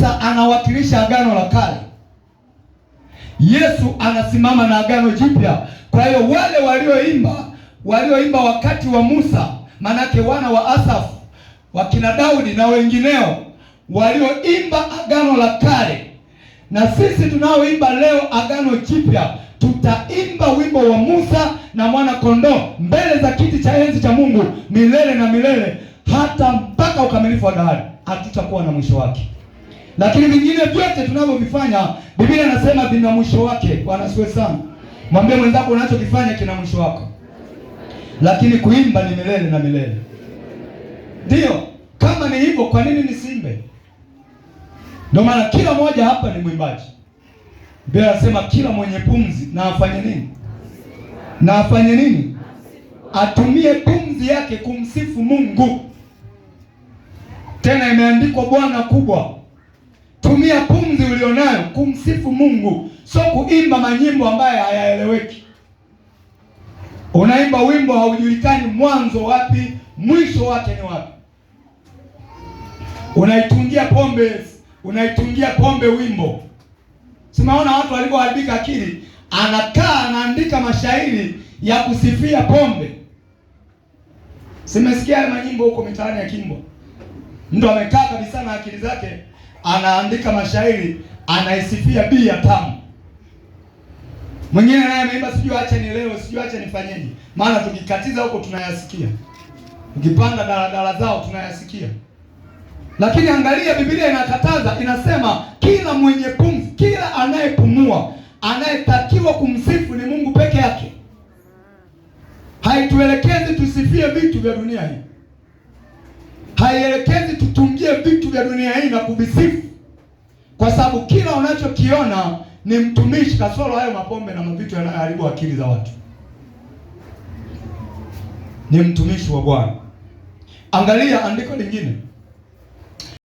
Musa anawakilisha agano la kale, Yesu anasimama na agano jipya. Kwa hiyo wale walioimba walioimba wakati wa Musa, manake wana wa Asafu, wakina Daudi na wengineo walioimba agano la kale, na sisi tunaoimba leo agano jipya tutaimba wimbo wa Musa na mwana kondoo mbele za kiti cha enzi cha Mungu milele na milele, hata mpaka ukamilifu wa dahari. Hatutakuwa na mwisho wake lakini vingine vyote tunavyovifanya Biblia inasema vina mwisho wake. Bwana asifiwe sana. Mwambie mwenzako unachokifanya kina mwisho wako, lakini kuimba ni milele na milele. ndio kama ni hivyo, kwa nini nisimbe? Ndio maana kila mmoja hapa ni mwimbaji. Biblia inasema kila mwenye pumzi na afanye nini? Na afanye nini? Atumie pumzi yake kumsifu Mungu. Tena imeandikwa Bwana kubwa kutumia pumzi ulionayo kumsifu Mungu, sio kuimba manyimbo ambayo hayaeleweki. Unaimba wimbo haujulikani mwanzo wapi, mwisho wake ni wapi. Unaitungia pombe, unaitungia pombe wimbo. Simaona watu walivyoharibika akili, anakaa anaandika mashairi ya kusifia pombe. Simesikia manyimbo huko mitaani ya Kimbo, mtu amekaa kabisa na akili zake anaandika mashairi, anaisifia bii ya tamu. Mwingine naye ameimba sijui acha ni leo, sijui acha nifanyeje. Maana tukikatiza huko tunayasikia, ukipanda daladala zao tunayasikia. Lakini angalia, Biblia inakataza, inasema kila mwenye pumzi, kila anayepumua, anayetakiwa kumsifu ni Mungu peke yake. Haituelekezi tusifie vitu vya dunia hii haielekezi tutungie vitu vya dunia hii na kuvisifu, kwa sababu kila unachokiona ni mtumishi, kasoro hayo mapombe na mavitu yanayoharibu akili za watu. Ni mtumishi wa Bwana. Angalia andiko lingine